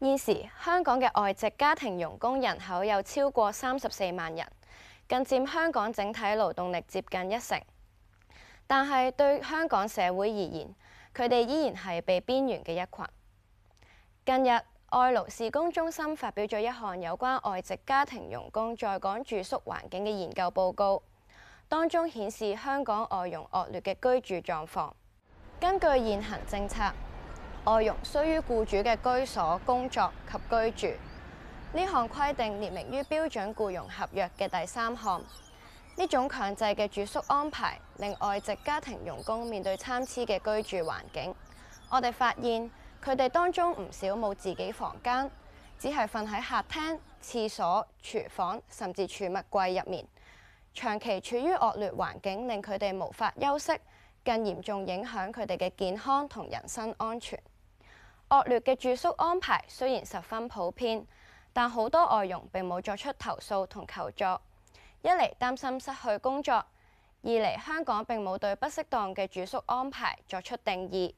現時香港嘅外籍家庭傭工人口有超過三十四萬人，更佔香港整體勞動力接近一成。但係對香港社會而言，佢哋依然係被邊緣嘅一群。近日，外勞事工中心發表咗一項有關外籍家庭傭工在港住宿環境嘅研究報告，當中顯示香港外傭惡劣嘅居住狀況。根據現行政策，外傭需於雇主嘅居所、工作及居住。呢項規定列明於標準雇傭合約嘅第三項。呢種強制嘅住宿安排，令外籍家庭傭工面對參差嘅居住環境。我哋發現佢哋當中唔少冇自己房間，只係瞓喺客廳、廁所、廚房甚至儲物櫃入面。長期處於惡劣環境，令佢哋無法休息，更嚴重影響佢哋嘅健康同人身安全。惡劣嘅住宿安排雖然十分普遍，但好多外傭並冇作出投訴同求助，一嚟擔心失去工作，二嚟香港並冇對不適當嘅住宿安排作出定義。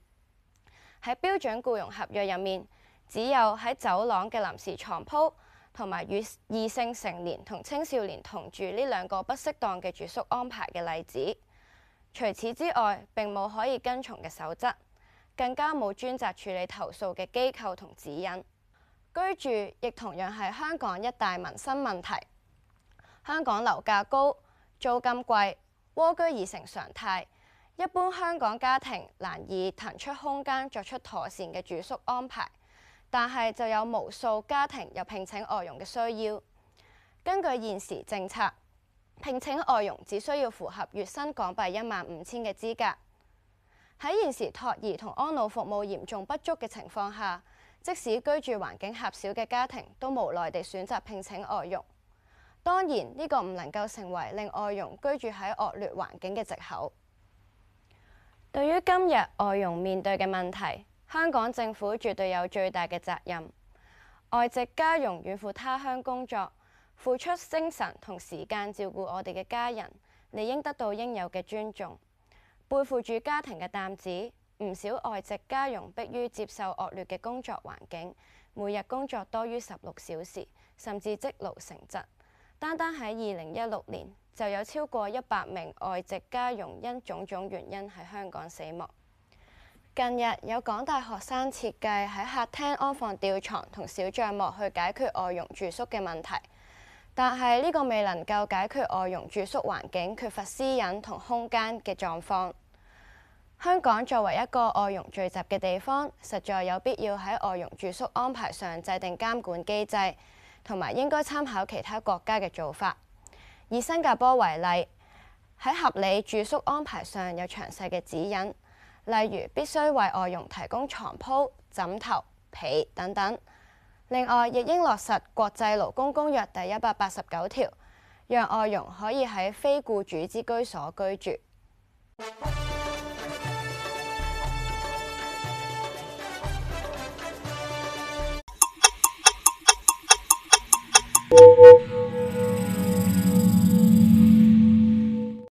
喺標準雇傭合約入面，只有喺走廊嘅臨時床鋪同埋與異性成年同青少年同住呢兩個不適當嘅住宿安排嘅例子。除此之外，並冇可以跟從嘅守則。更加冇專責處理投訴嘅機構同指引。居住亦同樣係香港一大民生問題。香港樓價高，租金貴，蝸居已成常態。一般香港家庭難以騰出空間作出妥善嘅住宿安排，但係就有無數家庭有聘請外傭嘅需要。根據現時政策，聘請外傭只需要符合月薪港幣一萬五千嘅資格。喺現時托兒同安老服務嚴重不足嘅情況下，即使居住環境狹小嘅家庭都無奈地選擇聘請外傭。當然，呢個唔能夠成為令外傭居住喺惡劣環境嘅藉口。對於今日外傭面對嘅問題，香港政府絕對有最大嘅責任。外籍家傭遠赴他鄉工作，付出精神同時間照顧我哋嘅家人，理應得到應有嘅尊重。背負住家庭嘅擔子，唔少外籍家傭迫於接受惡劣嘅工作環境，每日工作多於十六小時，甚至積勞成疾。單單喺二零一六年，就有超過一百名外籍家傭因種種原因喺香港死亡。近日有港大學生設計喺客廳安放吊床同小帳幕，去解決外傭住宿嘅問題。但係呢個未能夠解決外傭住宿環境缺乏私隱同空間嘅狀況。香港作為一個外傭聚集嘅地方，實在有必要喺外傭住宿安排上制定監管機制，同埋應該參考其他國家嘅做法。以新加坡為例，喺合理住宿安排上有詳細嘅指引，例如必須為外傭提供床鋪、枕頭、被等等。另外，亦應落實《國際勞工公約》第一百八十九條，讓外傭可以喺非僱主之居所居住。